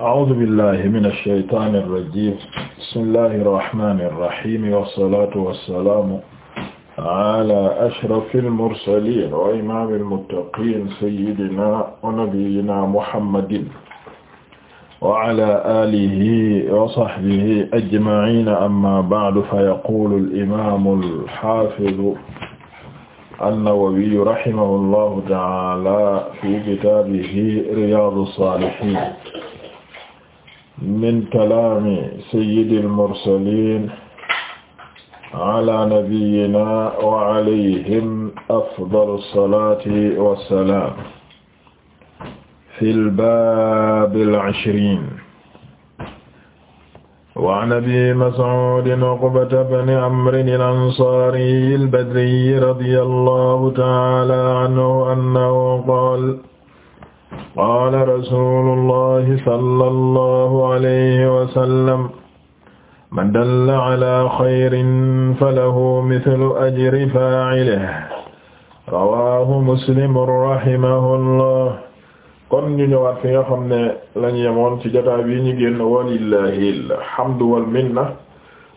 أعوذ بالله من الشيطان الرجيم بسم الله الرحمن الرحيم والصلاة والسلام على أشرف المرسلين وإمام المتقين سيدنا ونبينا محمد وعلى آله وصحبه أجمعين أما بعد فيقول الإمام الحافظ النووي رحمه الله تعالى في كتابه رياض الصالحين min kalaami sayyidil mursaliin ala nabiyyina wa alayhim afdalu salaati wa salaam fil baabil ishriin wa an abii mas'uudin uqbata bni amrin al-ansaariyil badriyyi radiyallaahu ta'aalaa anhu annahu qaala qaala rasulullahi sallallahu alayhi wa sallam man dalla ala xayrin falahu mithlu ajri faa'ilihi rawaahu muslim rahimahullah kon ñu ñëwaat fi nga xam ne lañ yemoon ci jotaay bi ñu génn walillahi alhamdu wal minna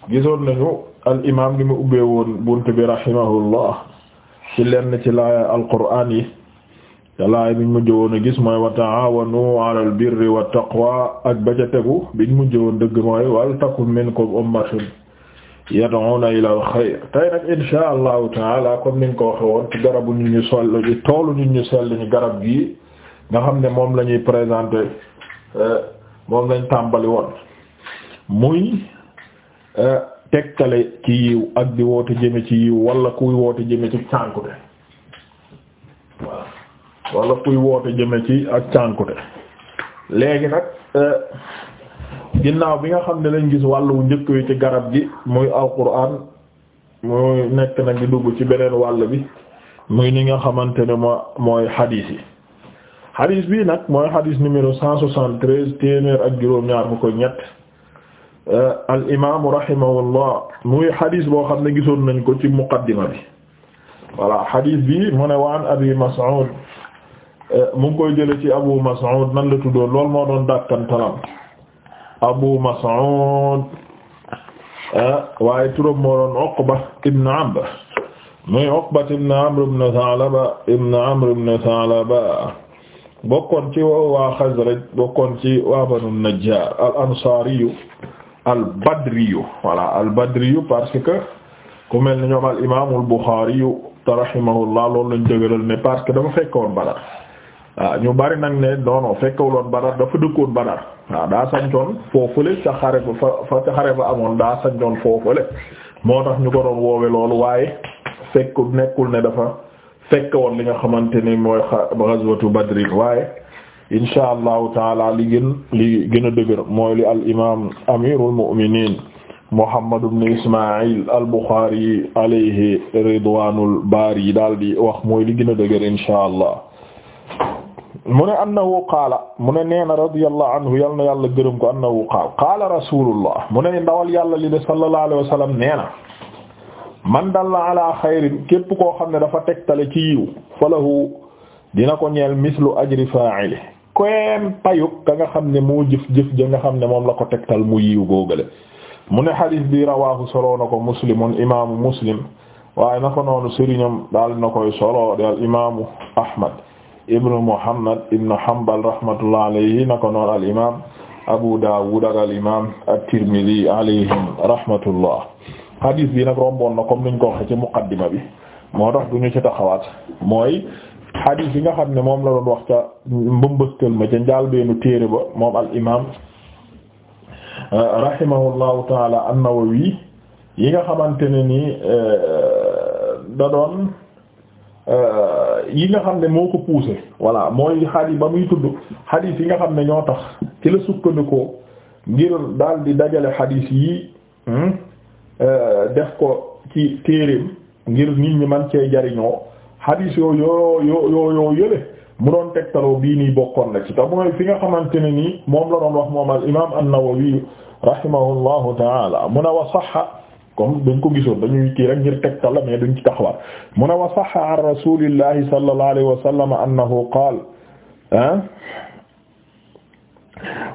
gisoon nañu al imaam li mu ubbee woon bunt bi rahimahullah ci lenn ci laaya alquraan yi yàllaay biñ mujj woon gis mooy wa ta'awanu 'alal birri wat taqwa ak ba ca bi ñu mujj woon dëgg mooy wal takun minkum ummatun yad'una ilal xayr tey nag insha allahu taala comme niñ ko waxe ci garabu nit ñu sell ci toolu ñu ñu sell ñu garab gii nga xam ne moom la ñuy présenté euh, moom lañ tàmbali woon muy euh, tegtale ci yiw ak di woote jëme ci yiw wala kuy woote jëme ci cànkute wala kuy woote jëme ci ak cànkute léegi nag euh, ginnaaw bi nga xam ne lañ gis wàllu njëkk wi ci garab gi muy alquran muy nekk nag di dugg ci beneen wàll bi muy ni nga xamante ne moo mooy xadiis yi xadiis bii nag mooy xadiis numéro cent soixante-treize téeméer ak juróom-ñaar fukk ak ñett euh, al imaamu rahimahullah muy xadiis boo xam ne gisoon nañu ko ci muqaddima bi voilà xadiis bi mu ne waan abi Mas'ud Eh, mu ngi koy ci Abu Mas'ud nan la tuddoon lool moo doon dàkkantalam Abu Mas'ud eh, waaye turam moo doon ibn Amr muy Uqba ibn Amr ibn Tha'laba ibn Amr ibn Tha'laba bokkoon ci waa Xasraj bokkoon ci al-Ansariyu al-Badriyu voilà al-Badriyu parce que ku mel ni ñoom al-Imam al-Bukhariyu te rahimahullah loolu lañ dëgëral ne parce que dafa fekkoon waaw ah, ñu bari nag ne noono fekkewuloon Badar dafa dëkkoon Badar waaw ah, daa sancoon foofule ca xare ba fa ca xare ba amoon daa sancoon foofule moo tax ñu ko doon woowe loolu waaye fekk nekkul ne dafa fekk woon li nga xamante ni mooy ghazwatu Badrin waaye insha allahu taala li gën li gën a dëgër mooy li al imaam amirul mu'minin Muhammad ibn Ismaïl al Bukhari alayhi ridwanul baari daal di wax mooy li gën a dëgër insha allah mu ne annahu qaala mu ne nee na radiyallahu anhu yal na yàlla gërëm ko annahu qaala qaala rasulullah mu ne ndawal yàlla li de sallallahu alayhi wa sallam nee na man dalla ala xayrin képp koo xam ne dafa tegtale ci yiw falahu dina ko ñeel mislu ajri fa'ili koen payuk ka nga xam ne moo jëf-jëf ja nga xam ne moom la ko tegtal mu yiw góogale mu ne xadis bi rawaahu soloo na ko muslimun imaamu muslim waaye na ko noonu sëriñam daal na koy soloo daal imaamu ahmad ibnu Muhammad ibnu Hanbal rahmatullah alayhi naka noonu al imaam Abu Dawud ak al imaam at-Tirmidhi rahmatullah hadis bi nag romboon na comme niñ ko waxee ci muqaddima bi moo tax du ñu ci taxawaat mooy hadis bi nga xam ne moom la doon wax ca mbëmbëstal ma ca njaalbeenu téere ba moom al imaam euh, rahimahullahu taala an-Nawawi yi nga xamante ne ni euh, da doon. yi nga xam ne moo ko poussé voilà mooy hadith ba muy tudd hadith yi nga xam ne ñoo tax ci la sukkandikoo ngir dal di dajale hadith yi hmm, euh, def ko ci téereem ngir nit ñi man cee jariñoo hadith yoo yoo yoo yoo yële mu doon tegtaloo bii nii bokkoon na ci te mooy fi nga xamante ne nii moom la doon wax moom al imaam an-Nawawi rahimahullahu ta'ala mun wa sahha comme dañ ko gisoon dañuy kii rek ngir tegtal la mais duñ ci taxawaat mu ne wa sahha an rasulillahi sallallahu alayhi wa sallam annahu qaala ah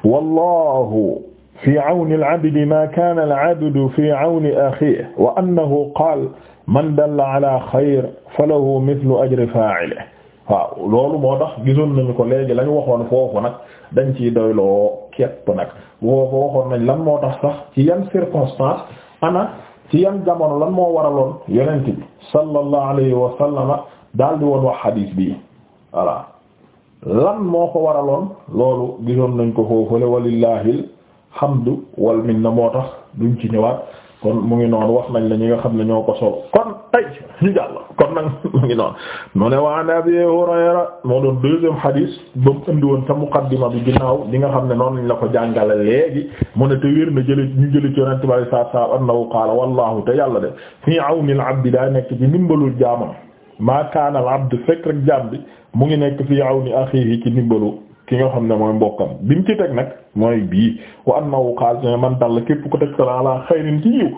wallahu fi awni al-abdi ma kaana al-abdu fi awni axiihi wa annahu qaala man dalla ala xayrin falahu mithlu ajri faa'ilihi waaw loolu moo tax gisoon nañu ko léegi lañu waxoon foofu nag dañ ciy doyloo képp nag foofu waxoon nañ lan moo tax sax ci yan circonstance ana ci yan jamono lan moo waraloon yonent bi sallallahu alayhi wa sallama daal di woon wax xadiis bi voilà lan moo ko waraloon loolu gisoon nañ ko foofule walillahi alhamdu wal minna moo tax duñ ci ñëwaat kon mu ngi noonu wax nañ la ñi nga xam ne ñoo ko solo kon tay ñu jàll kon nag mu ngi noonu mu ne waan Abi Hurayra moo doon deuxième hadith ba mu indi woon ca muqaddima bi ginaaw li nga xam ne noonu lañ la ko jàngale léegi mu ne te wér na jële ñu jële ci yonente bi alai saatu salam annahu qaala wallahu te yàlla de fii awnil abdi daa nekk ci ndimbalul jaamam maa kaana al abd fekk rek jaam bi mu ngi nekk fii awni akhihi ci ndimbalu ki nga xam ne mooy mbokkam bi mu ci teg nag mooy bii wa annahu qaal man dal képp ko teg la ala xayrin ci yiw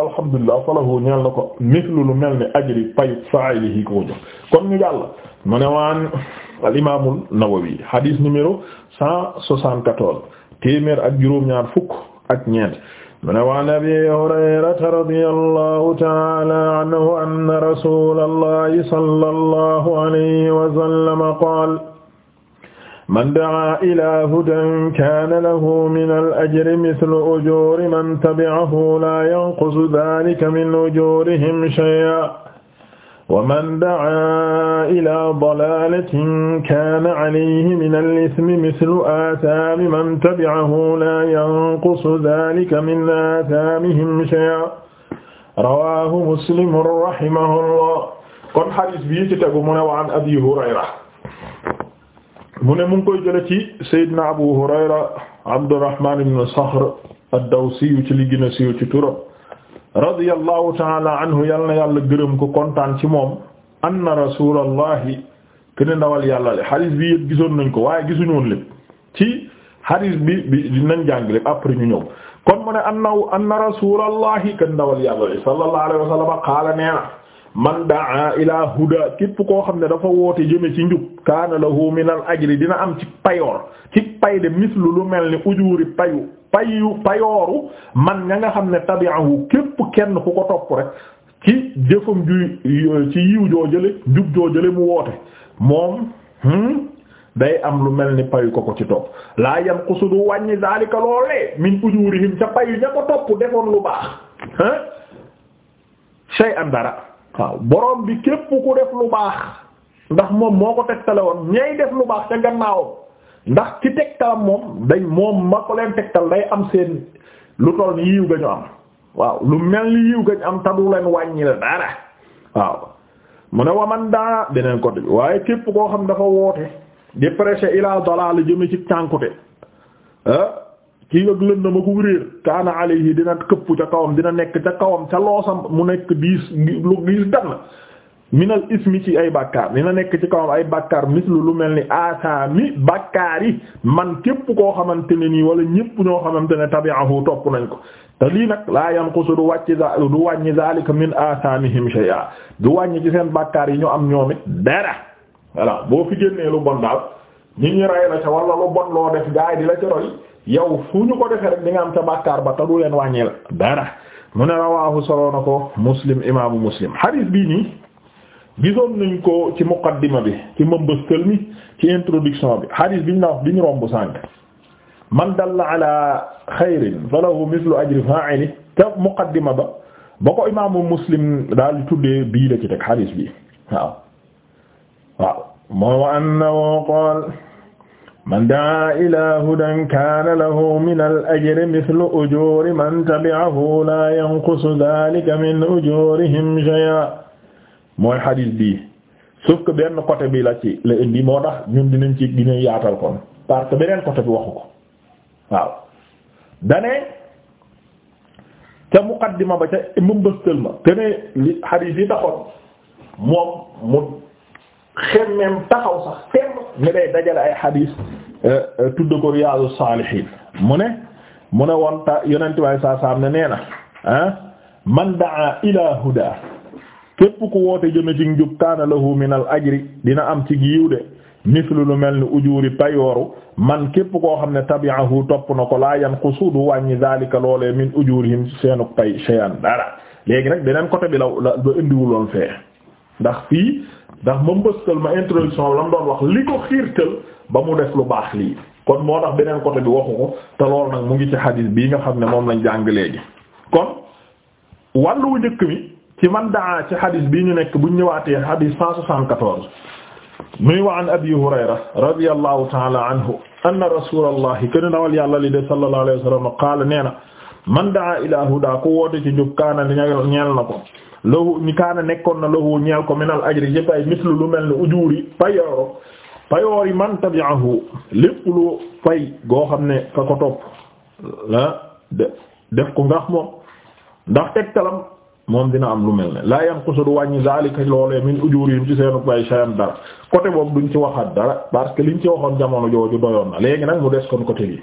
alhamdulilah falahu ñeel na ko mislu lu mel ni ajri pay fa'ilihi ko jox kon ñu jàll mu ne waan al imaamul Nawawi hadith numéro cent soixante-quatorze téeméer ak juróom-ñaar fukk ak ñeent mu ne waan abi hurayrata radiyallahu ta'ala anhu anna rasulallahi alayhi wa sallam man da'aa ilaa hudan kaana lahu minal ajri mislu ujuuri man tabi'ahu laa yanqusu dhaalika min ujuurihim shay'an wa man da'aa ilaa dalaalatin kaana alayhi minal ithmi mislu aathaami man tabi'ahu laa yanqusu dhaalika min aathaamihim shay'an rawaahu muslimun rahimahullah kon hadiis bi ci tegu mu ne wa an Abii Hurayra mu ne mu ngi koy jële ci Seydina Abu Hurayra Abdurrahman ibn Sakhr ad-Dawsi ci li gën a siiw ci turam radiyallahu ta'ala anhu yal na yàlla gërëm ko kontaan ci moom anna rasulallahi kene ndawal yàlla le xadis bi yëpp gisoon nañ ko waaye gisuñu woon lépp ci xadis bi bi dinañ jàng après ñu ñëw kon mu ne anna anna rasulallahi kene ndawal le sallallahu alayhi sallam qaala nee man daa ila huda képp koo xam ne dafa woote jëme ci njub kaana lahu min al ajri dina am ci payoor ci pay de mislu lu mel ni ujuuri payu yu payooru man ña nga xam ne tabi'ahu képp kenn ku ko topp rek ci jëfam ju ci yiw joo jële njub joo jële mu woote moom hmm, day am lu mel ni payu ko ko ci topp laa yam kusudu wàññi daalika loolee min ujuurihim ca payu ña ko topp defoon lu baax ah shay an waaw borom bi képp ku def lu baax ndax moom moo ko tegtale woon ñay def lu baax ca gannaawam ndax ki tegtalam moom dañ moom ma ko leen tegtal day am seen lu toll yiw ga ñu am waaw lu mel ni yiw ga am tadu leen wàññi la dara waaw mu ne waman daa beneen côté waaye képp koo xam dafa woote di prêcher ila la jëme ci cànkute ah kii ak lën ma ku réer kaana yi dina këppu ca kawam dina nekk ca kawam ca loosam mu nekk diis lu diis dann minal ismi ci ay bàkkaar dina nekk ci kawam ay bàkkaar mislu lu mel ni asaami bàkkaar yi man képp koo xamante ne nii wala ñépp ñoo xamante ne tabi'ahu topp nañ ko te lii nag laa yanqusu du wàcc du wàññi zalika min asaamihim shay'a du wàññi ci seen bàkkaar yi ñu am ñoom it dara voilà boo fi génnee lu bon daal ñi ñu rey la loo def gaay di la ca yow fu ñu ko defee rek di nga am ca bàkkaar ba te du leen wàññeel dara mu ne rawaahu soloo na ko muslim imaamu muslim hadith bii nii gisoon nañ ko ci muqaddima bi ci mëmbëstal mi ci introduction bi hadith biñ la wax biñ romb sànq man dalla ala xayrin falahu mislu ajri fa'ili te muqaddima ba ba ko imaamu muslim daal di tuddee bii la ci teg hadith bi waaw waaw moo annahu qaala man daa ilaa hudan kaana lahu min al ajri mithlu ujuuri man tabi'ahu laa yanqusu dhalika min ujuurihim shay'a mooy xadis bi sauf que benn côté bi la ci la indi moo tax ñun dinañ ci dinañ yaatal kon parce que beneen côté bi waxu ko waaw dane ca muqaddima ba ca mbëmbëstal ma te ne li xadis yi taxoon moom mu xemmem taxaw sax temm ni dajale ay xadiis euh, euh, tudd ko Riyaadu Saalihiin mu ne mu ne woon ta yonent baay ne nee na ah man daa ilaa hudaa képp ku woote jëme ci njub kaana lahu minal ajri dina am ci giiw de mislu lu mel ni ujuuri payooru man képp koo xam ne tabi'ahu topp na ko laa yanqusu du wàññi zalika loolee min ujuurihim seenu pay shay'an dara léegi nag beneen côté bi la la indiwuloon fee ndax fii ndax ma mbëstal ma introduction la doon wax li ko xiirtal ba mu def lu baax lii kon moo tax beneen côté bi waxu ko te loolu nag mu ngi ci xadiis bii nga xam ne moom lañ jàng léegi kon wàllu wu njëkk mi ci man daa ci xadiis bii ñu nekk buñ ñëwaatee xadiis 174 muy wa an abi hurayra radiyallahu taala anhu anna rasulallahi kana nawal yàlla li de sallallahu alayhi wa nee na man daa ilaa hudaa ku woote ci njub kaana ñeel na ko lahu ñi kaana nekkoon na lahu ñeel ko minal ajri ci pay mislu lu mel ni ujuuri payooro payoori man tabi'ahu lépp lu fay goo xam ne ka ko topp la def ko ngax moom ndax tegtalam moom dina am lu mel ne laa yanqusu du wàññi zalika loolee min ujurihim ci seenu bay shay'an dara côté boobu duñ ci waxaat dara parce que liñ ci waxoon jamono jooju doyoon na léegi nag mu des kon côté bi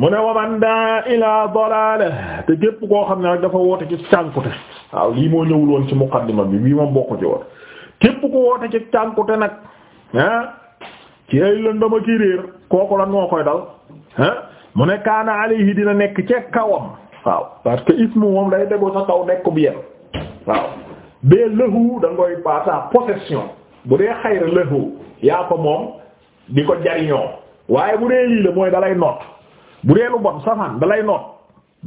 mu ne waman daa ila dalala te képp koo xam ne nag dafa woote ci cànkute waaw lii moo ñëwul woon ci muqaddima bi bii moom bokku ci woon képp ko woote ci cànkute nag ah ci ay lëndama ki réer kooku lan moo koy dal ah mu ne kaana yi dina nekk ci kawam waaw parce que mu moom day dégoo sa kaw nekk bi yen waaw bee lëhu da ngoy pasa bu dee xayra lëhu yaa ko moom di ko jariñoo waaye bu dee lii la mooy dalay noot bu dee lu bon safaan dalay noot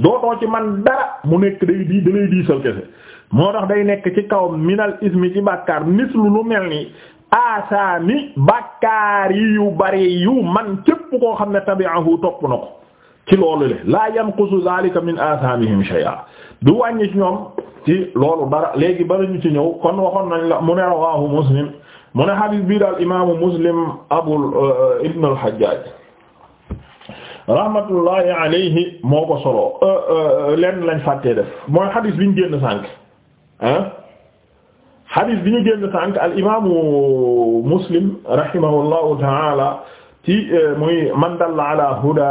dootoo ci man dara mu nekk day di dalay diisal kese moo tax day nekk ci kawam minal ismi ci bàkkaar mislu lu mel ni asaami bàkkaar yi yu bari yu man képp ko xam ne tabi'ahu topp na ko ci loolu le laa yanqusu zalika min asaamihim shay'a du wàññi ci ñoom ci loolu dara léegi bari ñu ci ñëw kon waxoon nañ la mu ne rawahu muslim mu ne hadith bii daal imaamu muslim abul euh, ibn al-hajjaj rahmatullahi alayhi moo ko soloo euh, euh, lenn lañ fàttee def mooy xadis bi ñu génn sànq ah xadis bi ñu génn sànq al imaamu muslim rahimahullahu taala ci euh, muy man dalla ala huda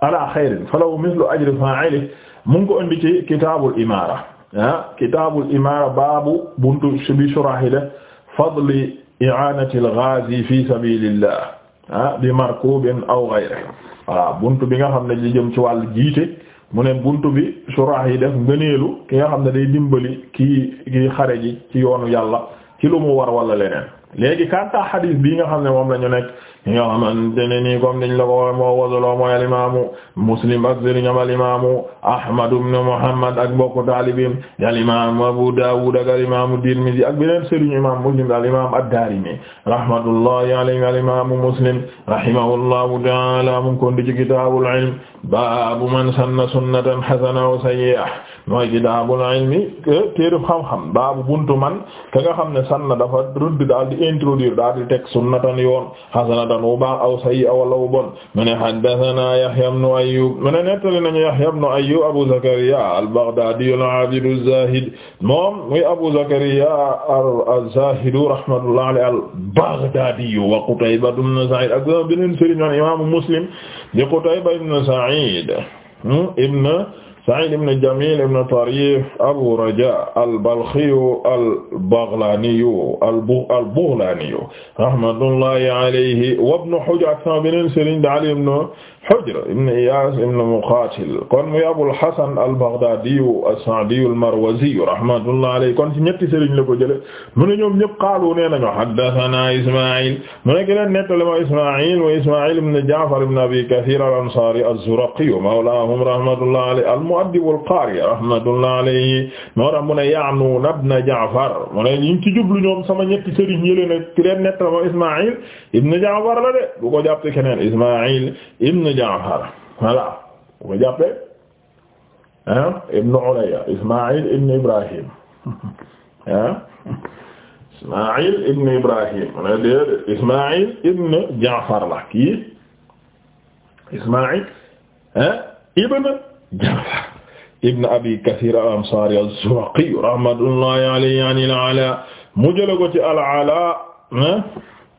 ala xayrin falaw mislu ajri fa'ili mu ngi ko indi ci kitaabul imaara ah kitaabul imaara baabu buntu bi shuraahi de fadli i'aanati al-ghaazi fi sabiilillah ah bi markubin benn ghayrihi voilà bunt bi nga xam ne di jëm ci wàllu jiite mu ne buntu bi surah yi def ngëneelu ki nga xam ne day dimbali kii kii xare ji ci yoonu yàlla ci lu mu war wala leneen léegi kanta xadiis bii nga xam ne moom la ñu nekk ñi nga xamante ne nii comme niñ la ko waxe moo wasoloo mooy alimamu muslim ak sëriñam alimamu ahmad ibn muhammad ak mbokk taalibim alimamu abu dawud ak alimamu tirmidhi ak beneen sëriñ imam muslim alimam ad-darimi rahmatullahi alayhi alimamu muslim rahimahullahu taala mu ngi ko ndi baabu man sanna sunnatan hasana wa sayyi'a mooy kitaabul ilmi téere baabu buntu man ka nga xam ne sanna daal di introduire daal di teg sunnatan yoon hasana xasanan wu baax aw sayyi aw wala wu bon mu ne haddathana Yahya ibn Ayyub mu ne nettali nañu Yahya ibn Ayyub Abu Zakariya al-Baghdadi al-abid az-zahid moom muy Abu Zakariya az-zahid rahmatullah alayhi al-Baghdadi wa Qutayba ibn Sa'id ak beneen sëriñ imam Muslim di Qutayba ibn Sa'id ibn Saïd ibn Jamil ibn Tarif Abu Raja al-Balkhiyu al-Baghlaniyu al-Baghlaniyu rahmatullahi alayhi wa ibn Hujr ak sama beneen sëriñ di Ali ibn Hujr ibn Iyas ibn Muqatil kon muy Abul Hasan al-Baghdadi as-Sa'di al-Marwazi rahmatullahi alayhi kon ci ñetti sëriñ la ko jëlee mu ne ñoom ñëpp qaalu nee nañu haddathana Isma'il mu ne keneen nettali ma Isma'il wa Isma'il ibn Ja'far ibn Abi Kathir al-Ansari az-Zuraqi mawlahum rahmatullahi alayhi al-mu'addib al-qari rahmatullahi alayhi moo tax mu ne ya'nuna ibn Ja'far mu ne ñu ngi ci jublu ñoom sama ñetti sëriñ yële ne keneen nettali ma Isma'il ibn Ja'far la de bu ko jàpp keneen Isma'il ibn ibn Ja'far voilà bu ko jàppee ah ibn Ulayya Ismaïl ibn Ibrahim ah Ismaïl ibn Ibrahim mu ne déedéet Ismaïl ibn Ja'far la kii Ismaïl ah ibn Ja'far ibn Abi Kathir al-Ansari az-Zuraqi rahmatullahi alayhi an al-Ala mu jëlee ko ci al-Ala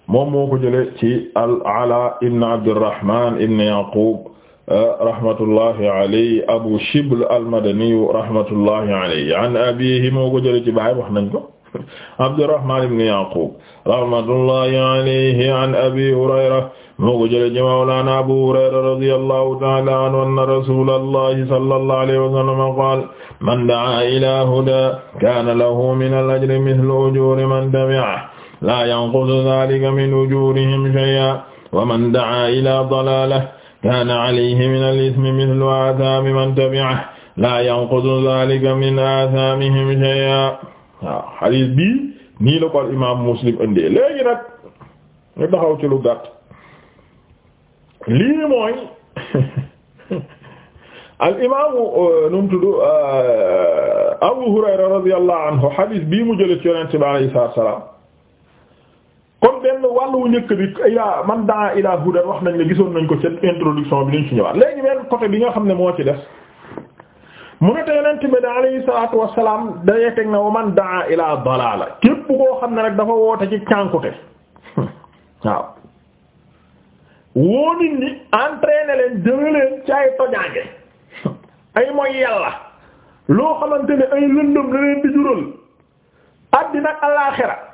moom moo ko jëlee ci al-Alaa ibn Abdirrahmaan ibn Yaquub eh, rahmatullahi alayhi Abu Shibl al-Madani rahmatullahi alayhi an abiihi moo ko jëlee ci baay wax nañ ko Abdirrahmaan ibn Yaquub rahmatullahi alayhi an Abi Hurayra moo ko jëlee ci mawlaana Abu Hurayra radiyallahu ta'aala anhu anna rasuulallahi sallallahu alayhi wa sallam qaala man da'aa ilaa hudan kaana lahu mina al-ajri mithlu ujuuri man tabi'ahu laa yanqusu zaalika min ujurihim shay'an wa man da'aa ilaa dalaalatin kaana alayhi min al-ithmi mithlu aathaami man tabi'ahu laa yanqusu zaalika min aathaamihim shay'an waaw xadiis bii nii la ko al imaam Muslim indi léegi nag ñu taxaw ci lu gàtt lii mooy al imaamu euh, nu mu tudd euh, Abu Hurayra radiyallahu anhu xadiis bii mu jëlee ci Yonent bi alayhi salaam kon benn wàllu njëkk bi ilaa man daa ilaa hudan wax nañ la gisoon nañ ko ci introduction bi ñu ci ñëwaat léegi benn côté bi nga xam ne moo ci des mu a te yonent bi da alayhi salaatu wassalaam dayee na man daa ilaa dalaala képp koo xam ne rek dafa woote ci cànkute waaw woo nit ñi entraîner leen jëme leen ci ay tojaange ay mooy yàlla loo xamante ne ay lëndëm leen di jural àddina ak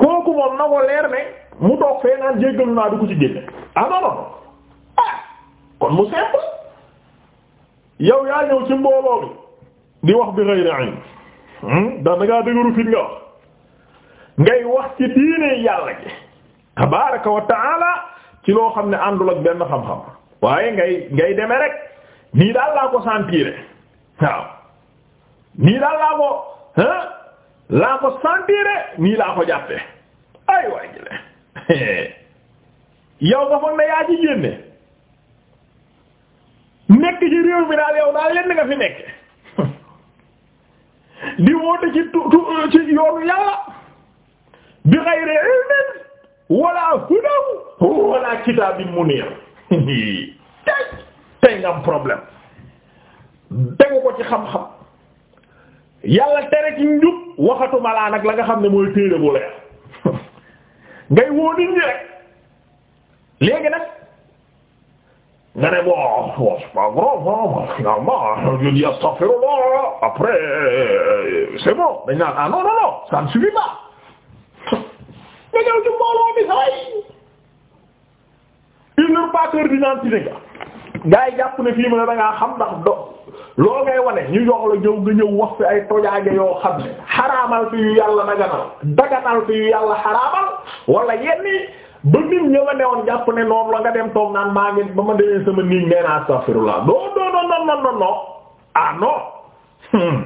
kooku moom na ko leer ne mu toog fee naan jéggalu naa du ci génne ah non non ah, kon mu simple yow yaa ñëw ci mbooloo bi di wax bi ghayri ilm hmm? da ngaa dëgëru nga wax ngay wax ci diine yàlla ji tabaaraka wa ta'ala ci loo xam ne àndul ak benn xam-xam waaye ngay ngay demee rek nii daal laa ko sentir nii daal laa ko ah laa ko sentir nii laa ko jàppe ay waay jële yow nga foog ne yaa ci génne nekk ci réew mi daal yow daal lenn nga fi nekk di woote ci tu tu ci yoonu yàlla bi xayri ilmin wala hudaw wala kitaabin munir tey tey nga problème tegu ko ci xam-xam yàlla tere ci njub waxatuma laa nag la nga xam ne mooy téere bu leer ngay woo nit ñi rek léegi nag nga ne bon bon c'est pas grave finalement je dis astaghfirullah après c'est bon dañ naan ah non non non ça ne suffit pas nga ñëw ci mbooloo bi saa yi une heure pas heure d'identité nga. gars yi jàpp ne fii ne da ngaa do. loolu ngay wane ñu yox la ñëw nga ñëw wax fi ay tojaage yoo xam ne xaraamal fi yu yàlla daganal daganal fi yu yàlla xaraamal wala yenni ba nit ña ma newoon jàpp ne noonu la nga dem toog naan maa ngi ba ma demee sama niiñ nee naa astaghfirullah non non non non non non ah hmm.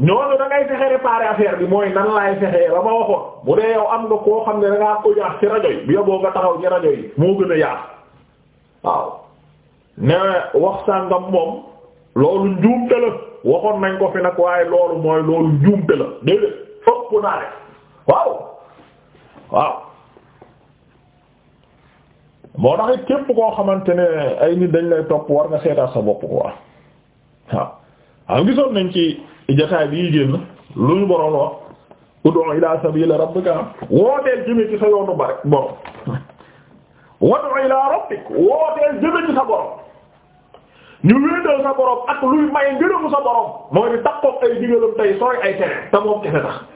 ñooñu da ngay fexe réparer bi mooy nan laay fexee ba ma waxoon bu dee yow am nga koo xam ne da ngaa ci rajo yi bu yoboo nga taxaw ci rajo yi moo gën a yaatu waaw. ne wax sàngam moom loolu njuumte la waxoon nañ ko fi nag waaye loolu mooy loolu njuumte la déedéet ëpp naa rek waaw waaw moo tax képp koo xamante ne ay nit dañ lay topp war nga seetaat sa bopp quoi waaw am gisoon nañ ci jotaay bi génn lu ñu boroon wax ud'u ila sabil rabbika wooteel jëme ci sa yoonu bare borom wad'u ila rabbik jëme ci sa borom ñu wéetal sa borom ak luy maye ngërëmu sa borom mooy di takkook ay digalam tey sooy ay tere te moom kese tax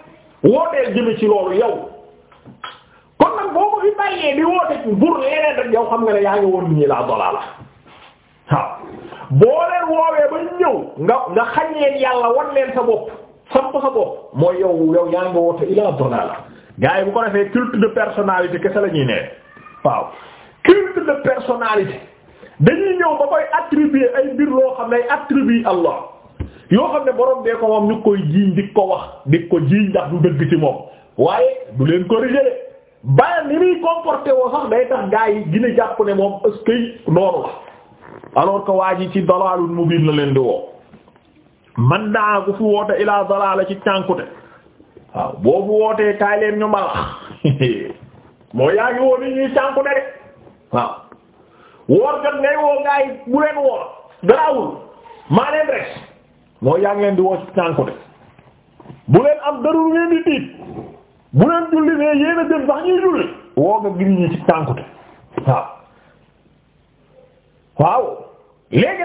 wooteel jëme ci loolu yow kon nag boo ko fi bàyyee di woote bur leneen rek yow xam nga ne yaa ngi woon ni laa dolaa la boo leen woowee ba ñëw nga nga xañ leen yàlla wan leen sa bopp samp sa bopp mooy yow yow yaa ngi woote ilaa dolaa la gars yi bu ko defee culte de personnalité kese la ñuy ne waaw culte de dañuy ñëw ba koy attribuer ay mbir loo xam ne ay attribut Allah yoo xam ne borom bee ko moom ñu koy jiiñ di ko wax di ko jiiñ ndax du dëgg ci moom waaye du leen ko corriger bàyyi ni muy comporté woo sax day tax gaa yi gën a jàpp ne moom est-ce que noonu la alors que waa ji ci dalalul mubin la leen di woo man daa ku fi woote ilaa dalala ci cànkute waaw boo fi wootee kaay leen ñu mbalax moo yaa ngi woo nit ñuy cànkute rek waaw woor jot ngay woo gaa bu leen woor garaawul maa leen rek mooy yaa leen di woo ci tànku bu leen am dara lu ngeen di tiit bu leen julli ne yéen dem sax ñuy julli woo nga gir ñi ci waaw waaw léegi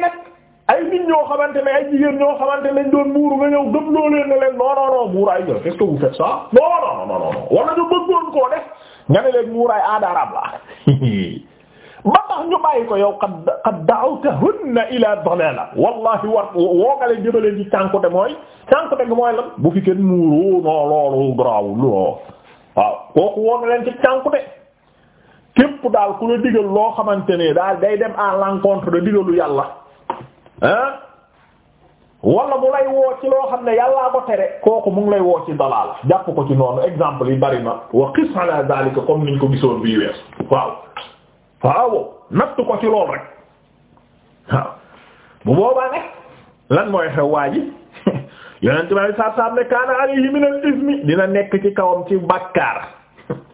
ay nit ñoo xamante ne ay jigéen ne dañ doon muuru nga ñëw gëm loo leen ne leen non non non muuraay jël est-ce que vous faites koo def nga ne leen muuraay ba tax ñu bàyyi ko yow qad qad da'awtahunna ila dalala wallahi war woo nga leen jëmale ci cànkute mooy cànkute gi mooy lan bu fi kenn muuroo non loolu graw loo waaw kooku woo leen ci cànkute képp daal ku la digal loo xamante ne daal day dem à l'encontre de digalu yàlla ah wala mu lay woo ci loo xam ne yàllaa ko tere kooku mu ngi lay woo ci dalaal jàpp ko ci noonu exemple yi bari na waaw waaw natt ko ci lool rek bu boobaa nag lan mooy xew waa ji yonent bi alei saatu salaam ne kaana alayhi min al ismi dina nekk ci kawam ci bàkkaar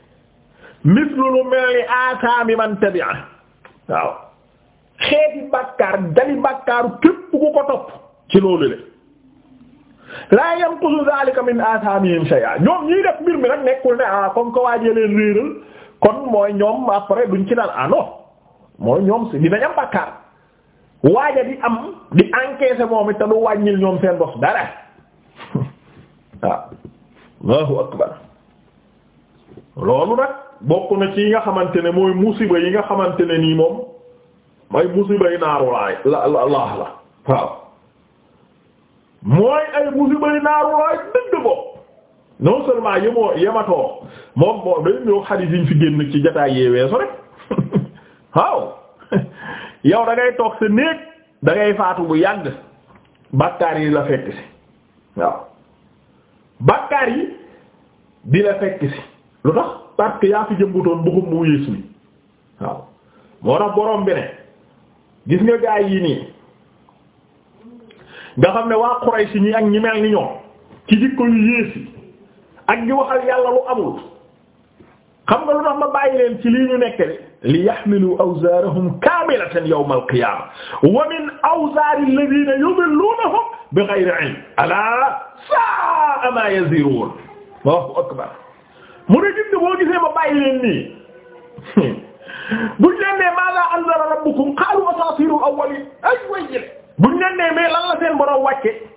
mislu lu mel ni aataami man tabi'a waaw xeeti bàkkaar dali bàkkaaru képp ku ko topp ci loolu le laa yanqusu zalika min aataamihim shay'a ñoom ñiy def mbir mi nag nekkul ne ah comme ko waajee leen réeral kon mooy ñoom après duñ ci naan ah non mooy ñoom si dinañ am bakkaar waaja di am di encaisser moom it te du wàññil ñoom seen bopp dara waaw Allahu akbar loolu nag bokk na ci yi nga xamante ne mooy musiba yi nga xamante ne nii moom mooy musiba yi naaru laay la la mooy ay musiba yi naaru laay non seulement yemoo yematoo moom moo dañu ñëw xadiis yiñ fi génn ci jotaay yee weesu rek waaw yow da toog sa néeg da faatu bu yàgg bàkkaar yi la fekk si waaw bàkkaar yi di la fekk si lu tax parce que yaa fi jëmbutoon buxum mu yéesu yi waaw moo tax borom bi ne gis nga gaay yi nii nga xam ne waa Quraysh ñi ak ñi mel ni ñoom ci jikko yées yi ak di waxal yàlla lu amul xam nga lu tax ma bàyyi leen ci lii ñu nekk de li yaxmilu awzaarahum kaamilatan yawmal qiyaama wa min awzaari allaziina yudilluunahum bi gayri ilm alaa saa'a maa yaziruun Allahu akbar mu ne gis nga boo gisee ma bàyyi leen nii buñ leen nee maadaa anzala rabbukum qaalu asaatiirul awwaliin ay way buñ leen nee mais lan la seen borom wàcce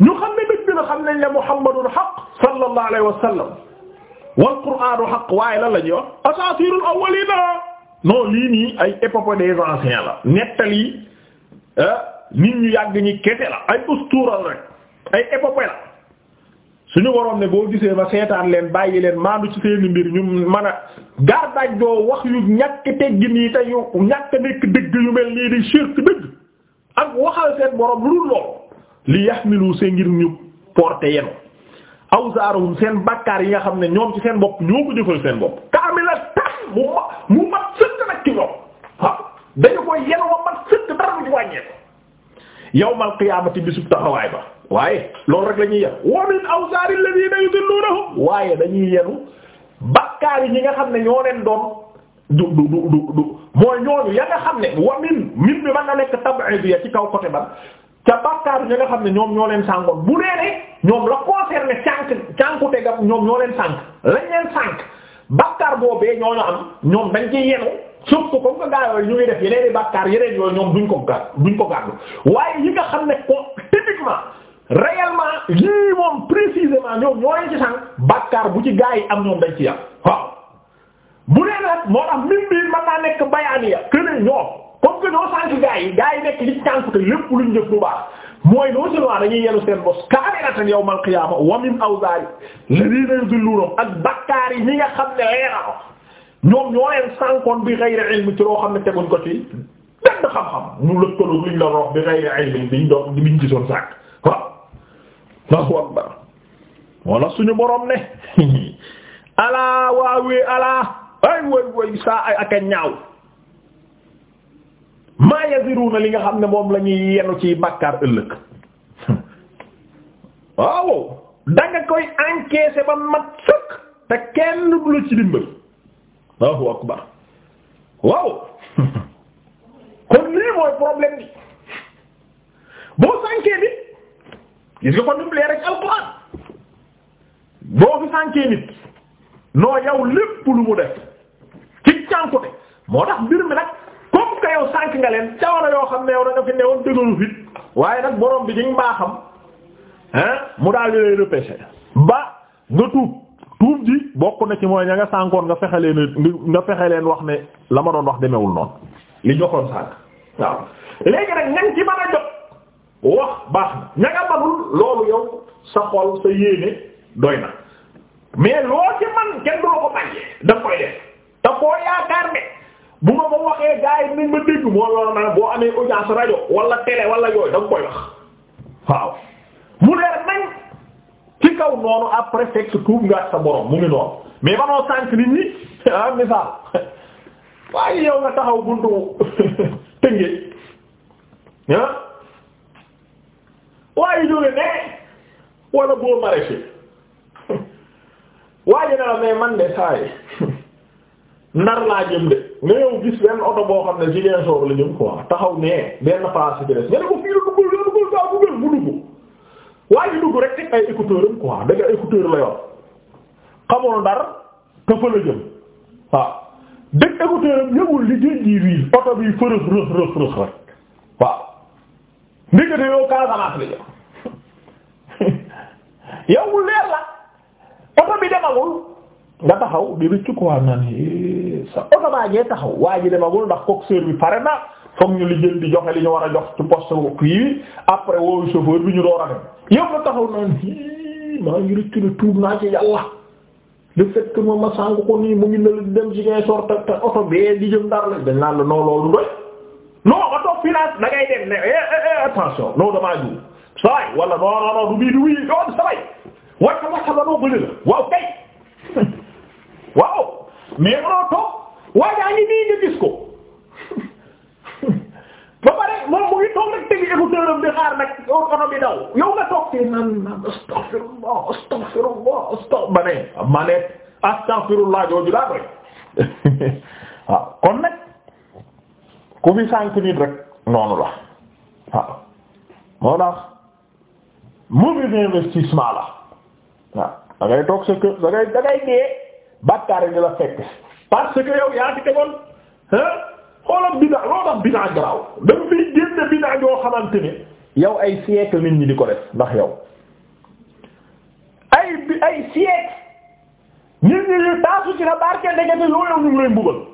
ñu xam ne dëgg la xam nañ ne Muhammadun haqq sallallahu alayhi wa sallam wal qur'anu haqq waaye lan la ñuy wax asatirul awwalina non lii nii ay épopée des anciens la nettali ah, nit ñu yàgg ñi kese la ay ustural rek ay épopée la suñu waroon ne boo gisee ma seetaan leen bàyyi leen maandu ci seeni mbir ñu man a gardaaj doo wax yu ñàkk teggin yi te yu ñàkk nekk dëgg yu mel nii di shirk dëgg ak waxal seen borom lu dul lool li yaxmilu see ngir ñu porter yenu awzaaruhum seen bakkaar yi nga xam ne ñoom ci seen bopp ñoo ko jëfal seen bopp kaamila tam mu ma mu mat sëkk nag ci ñoom dañu koy yenu ma mat sëkk dara bu ci wàññeeku yawmal qiyaamati bisub taxawaay ba waaye loolu rek la ñuy yenu wa min awzaari alladhiina yudillunahum waaye dañuy yenu bakkaar yi ñi nga xam ne ñoo leen doon du du du du mooy ñooñu ya nga xam ne wa min min bi mën na nekk tab'idiyya ci kaw côté ban ca bàkkaaru ña nga xam ne ñoom ñoo leen sànkoon bu dee ne ñoom la concerné cànk cànkute gam ñoom ñoo leen sànk lañ leen sànk boobee ñoo ñu am ñoom dañ ciy yenu suuf ko comme que gaa yooyu ñu ngi def yeneen i bàkkaar yeneen yooyu ñoom duñ ko gàdd duñ ko gàddu waaye yi nga xam ne ko typiquement réellement lii moom précisément ñoom ñoo leen ci sànk bàkkaar bu ci gaa yi am ñoom dañ ci yam waaw bu dee nag moo tax mbir bi mën naa nekk bayaani ya que ne ñoom. comme que ñoo sànq gaa yi gaa yi nekk li tànk te lépp luñ jëf lu baax mooy non seulement dañuy yenu seen bos kaamilatan yawmal qiyaama wa min awzaari ladina yudilluunahum ak bakkaar yi ñi nga xam ne leera ko ñoom ñoo leen sànkoon bi ghayri ilmi ci loo xam ne teguñ ko ci benn xam-xam ñu lëkkaloo liñ la wax bi ghayri ilmi biñ doon biñ gisoon sànq waaw. Allahu akbar wala suñu borom ne alaa waawee alaa ay way way saa ay ak a ñaaw. maa yaziruna li nga xam ne moom lañuy ñuy yenu ci bàkkaar ëllëg waaw da nga koy encaisser ba mat sëkk te kenn du la ci dimbal Allahu akbar waaw kon lii mooy problème bi boo sànkee nit gis nga kon numu rek alquran boo fi sànkee nit noo yow lépp lu mu def ci cànkute moo tax mbir mi nag te yow sànq nga leen jamono yoo xam ne yow da nga fi newoon dëgëru fit waaye nag borom bi ñu mbaaxam ah mu daal di lay ba nga tuub tuub ji bokk na ci mooy ña nga nga fexe leen nga fexe leen wax ne la ma doon wax demewul noonu li ñu waxoon sànq waaw léegi nag ñan ci mën a jot wax baax na ña nga loolu yow sa xol sa yéene doy na mais loo ci man kenn du ko bàyyee da koy def te koo yaakaar ne. bu ma ma waxee gars yi nañ moo loolu na boo amee audience rajo wala télé wala yooyu da nga koy wax mu leer nañ ci kaw noonu après fekk tuub nga sa borom mu ngi noonu mais manoo sànq nit ñi ah misaal waaye yow nga taxaw buntu tëngee ah waaye jóge ne wala boo maraîcher waaye na la mais man de saa yi nar laa jëm de. nga yow gis benn oto boo xam ne jigéen soor la jëm quoi taxaw nee benn place bi des nga ne ko fii la duggul la duggul gaa bu gën bu dugg waaye dugg rek teg ay écouteur am quoi da nga écouteur la ndar te fa la jëm waaw dëgg écouteur am yëgul li riir oto bi fërëx rëx rëx rëx rek ndekete yow Casamance la jëm yow leer la oto bi demagul nga taxaw di rëccu quoi naan sa oto baa ngee taxaw waa ji demagul ndax coxeur bi pare na foog ñu li jël di joxe li ñu war a jox ci poste yi après woowu chauffeur a dem ngi rëccu ne tuub naa ci yàlla le fait que moom ma sànq ko nii mu ngi ne da ngay dem ne eh, eh, eh, attention non damaa jiw saa wala non non la waaw kay. waaw mais mënoo toog waaye daa ngi nii nga gis ko ba pare moom mu bi daw yow nga ah, nag ku fi la ah. ah, sa kër da dee bàkkaar yi di la fekk parce que yow yaa ci tegoon ah xoolal bida loo tax bida garaaw dañ fiy génne bida joo xamante ni yow ay siècle nit ñi di ko def ndax yow ay ay siècle nit ñi di taasu ci la barke ndekete loo yow ñu ngi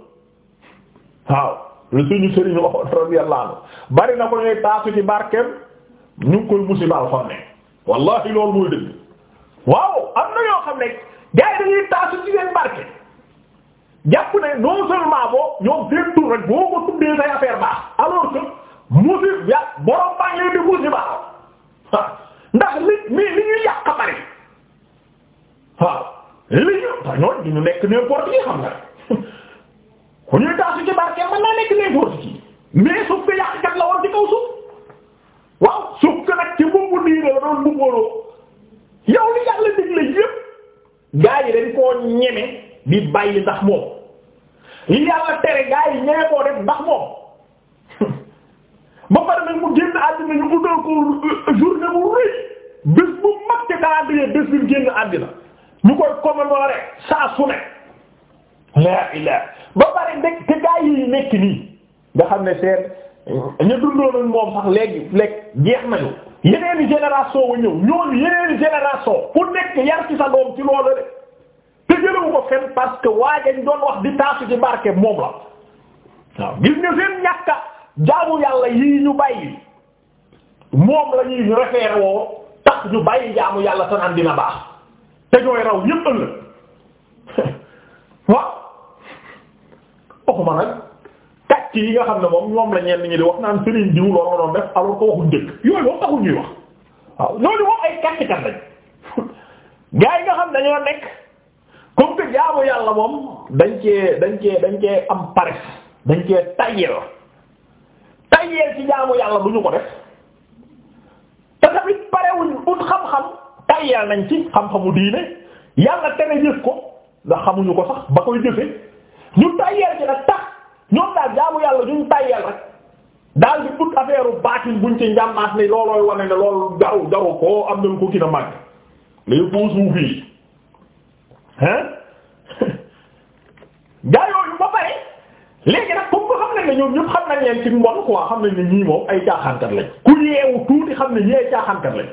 waaw lu suñu sëriñ waxoon radiyallahu anhu bari na ko ñuy taasu ci barkeem ñu ngi koy musibaal ne wallahi loolu mooy dëgg waaw am na yoo xam ne gars yi dañuy taasu ci seen barke jàpp ne non seulement boo ñoom seen tur rek boo ko tuddee baax alors que musiba ya borom baa ngi leen di musiba ndax li mi li ñuy yàq a bari waaw li ñu ba ñu nekk n'importe qui xam nga ku ñuy taasu ci barke mën naa nekk n'importe qui mais suuf ka yàqkat la woon ci kaw suuf waaw suuf ka nag ci bumbu diine la doon bumbooloo yow li yàlla digle yépp gaa yi dañ koo ñeme di bàyyi ndax moom li yàlla tere gaa yi ñeme koo def ndax moom ba pare nag génn àddina ñu utal ko journée bu rëy bés bu mag ci calendrier bés bi génn àddina ñu koy commémorer saa su ne la ba pare nekk te gaa yi nekk nii nga xam ne seen ñu dundoon moom sax léegi léegi jeex nañu yeneeni génération wa ñëw ñooñu yeneeni génération ku nekk yar ci sa doom ci loolu de te jëlewu ko fen parce que waajañ doon wax di taasu ci barke moom la waaw gis nga seen ñàkka jaamu yàlla yii ñu bàyyi moom la ñuy référé woo tax ñu bàyyi jaamu yàlla sa naan dina baax te ñooy raw ñëpp ëllëg waaw waxuma nag pàcc yi nga xam ne moom moom la ñenn ñi di wax naan sëriñ diw loolu la doon def alors ko waxuñ dëgg yooyu moom taxul wax waaw ñooñu moom ay kàcc kat lañ gaa yi nga xam dañoo nekk comme que jaamu yàlla moom dañ cee dañ cee dañ cee am paresse dañ cee tayyeel tayyeel ci jaamu yàlla du ñu ko def te tamit parewuñ ut xam-xam tayyeel nañ ci xam-xamu diine yàlla tere jëf ko ndax xamuñu ko sax ba koy jëfe ñu tayyeel ci nag tax ñoom daal jaamu yàlla duñ tàyyal rek daal di put affaire bu buñ ci njàmmaat ni loolooy wane ne loolu jaru jaru koo am nañ ko gën a màgg les faux soufis hein gaa yooyu ba pare léegi nag comme ko xam nañ ne ñoom ñëpp xam nañ ne ñii moom ay caaxaankat lañ ku yeewu tuuti xam ne ñii ay caaxaankat lañ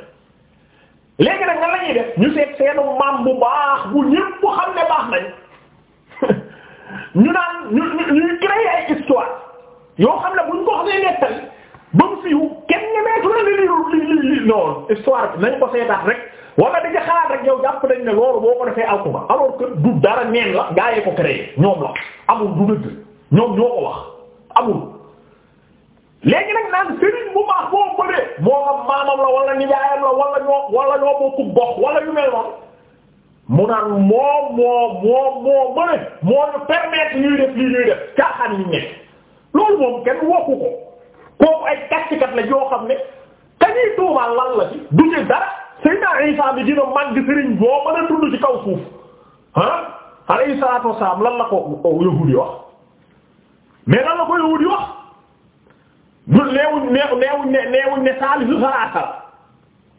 léegi nag nga la ñuy def ñu seet seenu maam bu baax bu ñëpp xam ne baax nañ ñu naan ñu ñu histoire yoo xam ne buñ ko xamee nettali ba mu fiiw kenn ñemeetu la li li li li non histoire bi nañ ko seetaat rek wala dañuy xalaat rek yow jàpp nañ ne loolu boo ko defee alku nga alors que du dara neen la gaa yee ko créé ñoom la amul du ñoom ñoo ko wax amul. léegi nag naan sëriñ bu baax boo ko moo xam maamam la wala nijaayam la wala ñoo wala ñoo bokku gox wala yu mel noonu mu naan moo moo moo moo bëri moo ñu permettre ñuy loolu moom kenn waxu ko kooku ay kàccikat la yoo xam ne kañuy tuumaal lan ci du ci dara Seydina Isa bi dina màgg sëriñ a dund ci kaw suuf ah alayhi salaatu wasalaam lan la ko yahuudi wax mais lan la ko yahuudi wax ñu neewuñ neew ne neewuñ ne saalisu salaasa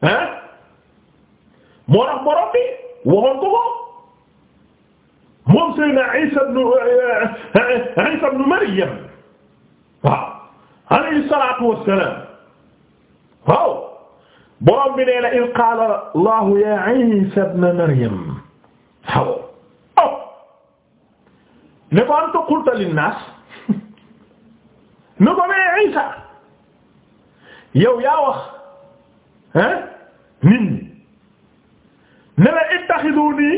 la ah moo tax ko ko moom Seydina Isa waaw alayhi salaatu wassalaam waaw borom bi nee na il qaala Allahu ya Isa ibn Maryam waaw oh ne ko anta qulta linnaas ne ko mais Isa yow yaa wax ah nit ñi ne la ittaxiduunii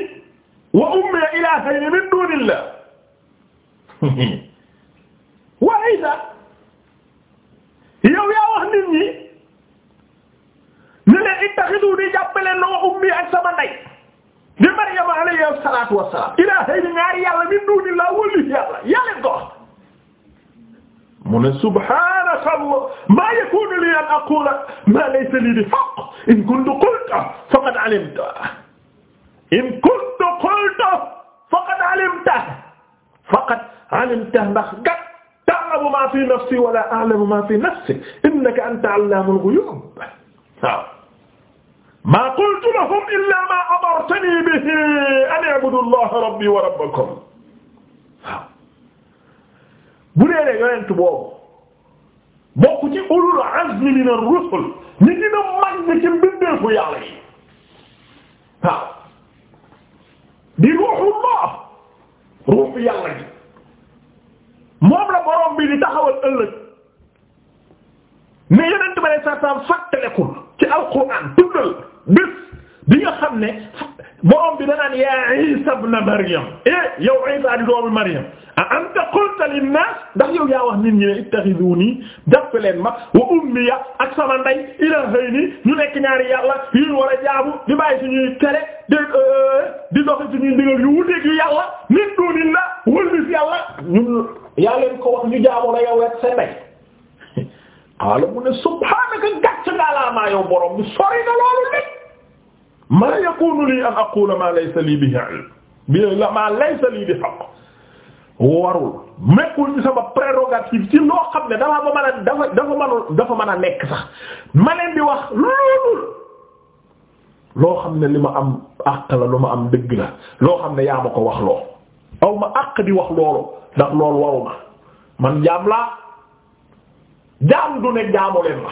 wa ummiya ilaahayni min duunillah wa Isa yow yaa wax nit ñi ne leen ittaxidu di jàppale no ummi ak sama ndey di Maryam alayhi salaatu wassalaam ilaahay ni ñaari yàlla min duuni laa wëlli yàlla yàlla ko wax mu ne subhaanaka allah maa yakuunu li an aqula maa laysa lii bi haqq in kuntu qultu faqad alimta in kuntu qultu faqad alimta faqad alimta ndax gat a'lamu ma fi nafsi wala a'lamu ma fi nafsi innaka anta allamul ghuyub waaw ma qultu lahum illa ma amartani bihi an a'budu allaha rabbi wa rabbakum waaw bu dee ne yonent boobu bokk ci ulul azmi min ar-rusul ñi dina mag ci mbindeefu yàlla yi waaw di ruuxullah ruuxu yàlla gi moom la borom bi di taxawal ëllëg mais yeneen tubaab yi sax sax fàttalikul ci alquran tuddal bés bi nga ne borom bi danaan yaa Isa ibn Maryam eh yow Isa di doomu Maryam a anta qulta linnaas ndax yow yaa wax nit ñi ne ittaxizuuni jàpp leen ma wa ummiya ak sama ndey ilaahayni ñu nekk ñaari yàlla yu ñu war a jaamu di bàyyi suñuy tere di eh, di doxi yu wuteeg yu yàlla min duunillah wëlbis yàlla ñun. yaa leen ko wax ñu jaamu la yow ak sa ndey xaala mu ne subhaanaka gàcc ngaalaamaa yow borom bi sori na loolu lépp maa yakunu lii an aqula maa laysa lii bihi ilm bi la maa laysa lii bi haqq warul mekkul ci sama prérogative ci loo xam ne dafa mën a dafa dafa mënul dafa mën a nekk sax ma leen di wax loolul loo xam ne li ma am àq la lu ma am dëgg la loo xam ne yaa ma ko wax loo aw ma àq di wax loolu ndax loolu waru ma man jaam laa jaam du ne jaamu leen ma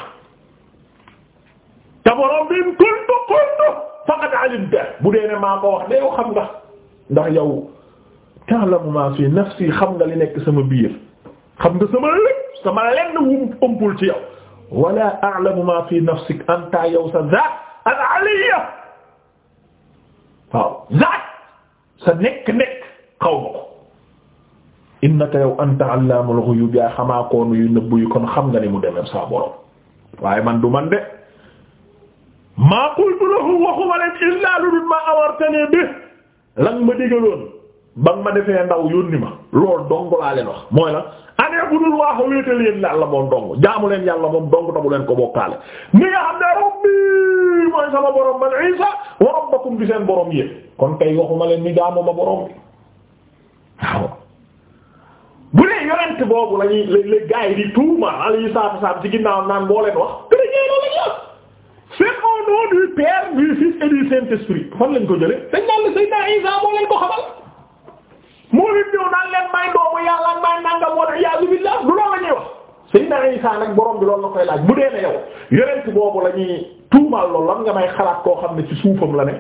te borom bi in kuntu kuntu bu dee ne maa ko wax de yow xam nga ndax yow ta'lamu ma fi nafsi xam nga li nekk sama biir xam nga sama lépp sama lenn wum wala a'lamu ma fi nafsik anta sa zaat al aliyya waaw zaat sa nekk nekk xaw ma ko innaka yow anta allaamul ghuyub yaa xamaa koonu yu nëbb yi kon xam nga ni mu demee saa borom waaye man du man de maa qultu lahu waxuma leen illaa lu dul maa awartani bi lan ma digaloon ba ma defee ndaw yónni ma loolu dong laa leen wax mooy la anee bu dul waaxu wéetal leen yàlla moom dong jaamu leen yàlla moom dong tamu leen ko bokkaale ni nga xam ne rabbi mooy sama borom man Isa wa rabbakum bi seen borom yéen kon kay waaw bu dee yonent boobu lañuy ñuy la la gars yi di tuuma alayhi salaatu wassalaam ci ginnaaw naan moo leen wax. chrétien la ñu wax. c'est au nom du Père du Fils et du Saint-Esprit fan lañ ko jëlee dañ naan la Seydina Isa ko xamal. moo leen ñëw naan leen may doomu yàlla may nangam wala yàlla billah du loolu la ñuy wax. Seydina Isa nag borom bi loolu la koy laaj bu dee ne yow yonent boobu la ñuy tuumaal loolu lan nga may xalaat koo xam ne ci suufam la ne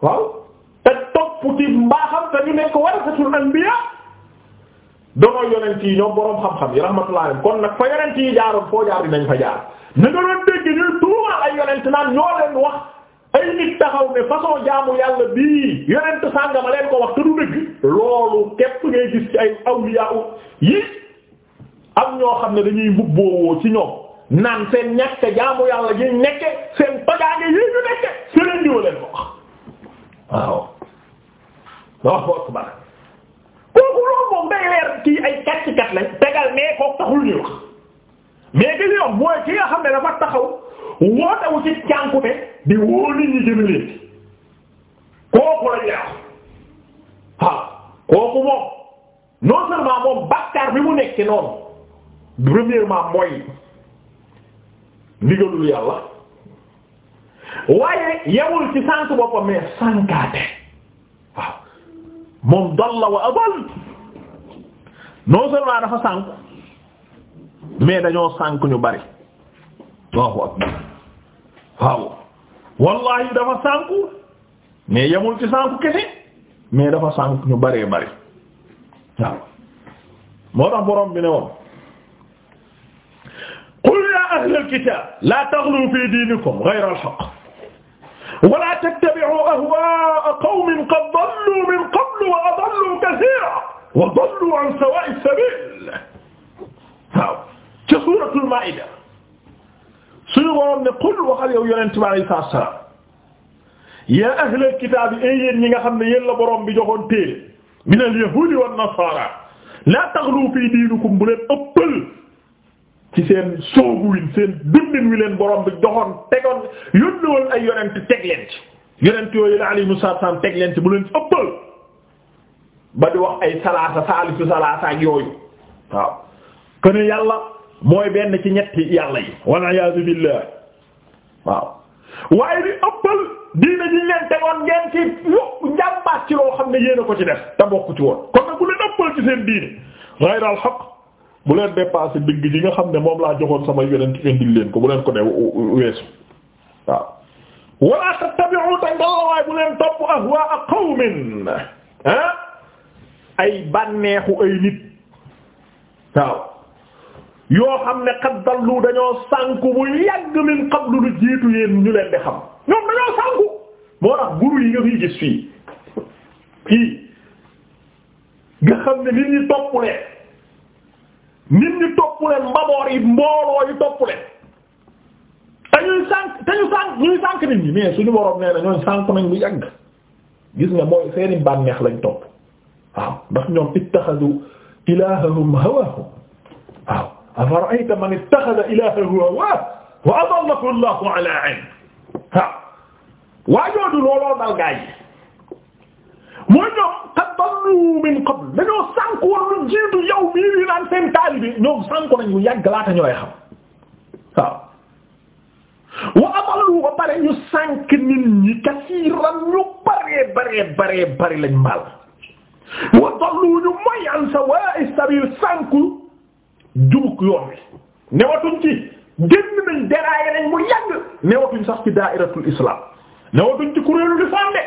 waaw. topp ci mbaaxam te ñu nekk a warasatul anbiya doonoo yonent yi ñoom boroom xam-xam yi rahmatullahi alayhim kon nag fa yonent yi jaaroon foo jaar nañ fa jaar na nga doon dégg ñuy tuumal ay yonent naan ñoo leen wax ay nit taxaw ne façon jaamu yàlla bii yonent sàngama leen ko wax te du dëgg loolu képp ngay gis ci ay awliya yi am ñoo xam ne dañuy mbubboowoo ci ñoom naan seen ñàkk jaamu yàlla gi nekke seen tojaange yi ñu nekke seen diwa leen ko Allahu akbar kooku loolu moom day leer kii ay kat kat lañ tegal mais kooku taxul ñuy wax mais ki yoon mooy ki nga xam ne dafa taxaw wootewu ci cànkute di wóor nit ñi jëmale ci kooku lañ leer waaw kooku moom non seulement moom bàkkaar bi mu nekk noonu premièrement mooy ndigalul yàlla waaye yewul ci sànk boppam mais sànkaate waaw. moom dalla wa adall non seulement dafa sànk mais dañoo sànk ñu bari Allahu akbar waaw wallahi dafa sànk mais yamul ci sànk kese mais dafa sànk ñu baree bari waaw moo tax borom bi ne woon qul ya ahlal kitab la taghlu fi dinikum ghayra al haqq wala tattabi'u ahwaa'a qawmin qad dallu min qablu wa adallu kathiiran wa dallu an sawaa'i sabiil waaw ca suuratul Maa'ida suñu boroom ne qul waxal yow yonent bi alayhi salaatu wa salaam yaa ahlal kitaabi ay yéen ñi nga xam ne yéen la boroom bi joxoon téere minal yahuudi wan nasaara laa taghlu fii diinikum bu leen ëppal ci seen sooguwin seen dundin wi leen borom bi doxoon tegoon yónni woon ay yonent teg leen ci yonent yooyu la alayhi salaam teg leen ci bu ba di wax ay salaasa saalisu salaasa ak yooyu waaw kon yàlla mooy benn ci ñetti yàlla yi walla iyaazu billaah waaw waaye di ëppal diina ji leen tegoon ngeen ci yu njàmbaat ci loo xam ne yéena ko ci def te bokku ci woon ko nag leen ëppal ci seen diine ghayra al bu leen dépassé digg ji nga xam ne moom laa joxoon sama yonent indil leen ko bu leen ko dee weesu waaw wala tattabi'u tangallawaay bu leen topp ahwaa qawmin ah ay bànneexu ay nit waaw yoo xam ne qad dallu dañoo sànku bu yàgg min qablu lu jiitu yéen ñu leen di xam ñoom dañoo sànku moo tax guru yi nga fi gis fii fii nga xam ne nit ñi topp leen nit ñi topp leen mbaboor yi mbooloo yi topp leen te ñuy sànq te ñu sànq ñuy sànq nit ñi mais suñu borom nee na ñooñu sànq nañ bu yàgg gis nga mooy seeni bànneex lañ topp waaw ndax ñoom ittaxadu ilaahahum hawaahum waaw afara'ayta man ittaxada ilaahahu hawaahu wa adallahu allahu ala ilm waaw waajoodu looloo dal gaa yi mooy ñoom dalu min qabl dañoo sànk jiitu yow mii wi naan seen taalibe ñoom sànk nañu yàgg laata ñu lay xam waaw wa amallu ba pare ñu sànk nit ñi kasiiran ñu baree baree baree bari lañ mal wa dallu ñu moy an sawaa'i sabiil sànk jubuk yoon wi newatuñ ci génn nañ déraaye nañ mu yàgg newatuñ sax ci daa'iratul islam newatuñ ci kuréelu lislaam de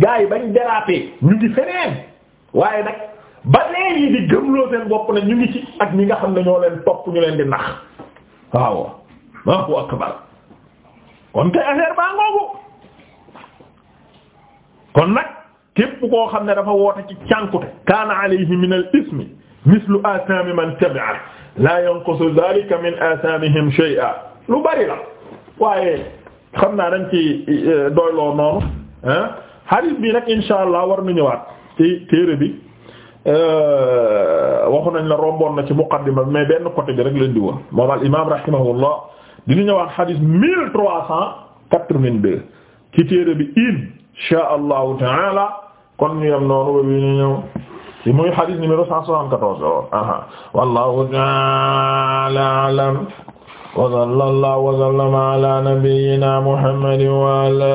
gaa yi bañ dérapé ñu ngi feneen waaye nag ba léegi di gëmloo seen bopp ñu ngi ci ak ñi nga xam ne ñoo leen topp ñu leen di nax waaw Allahu akbar kon te affaire baa ngoogu kon nag képp koo xam ne dafa woote ci cànkute kaana alayhi min al ismi mislu asaami man tabi'a la yanqusu dhalika min asaamihim shay'a lu bari waaye xam naa dañ ci eh, doyloo noonu ah hadith bi nag insha allah war na ñëwaat ci téere bi euh, waxu nañ la romboon na ci muqaddima bi mais benn côté bi rek leen di woon moom al imaam rahimahullah dina ñëwaat xadiis mille trois cent quatre-vingt-deux ci téere bi insha allahu taala kon ñu yam noonu ba bi ñu ñëw ci muy xadiis numéro cent soixante-quatorze woon aha wallahu taala alam wa sallallahu wa sallama ala nabiyyina muhammadin wa ala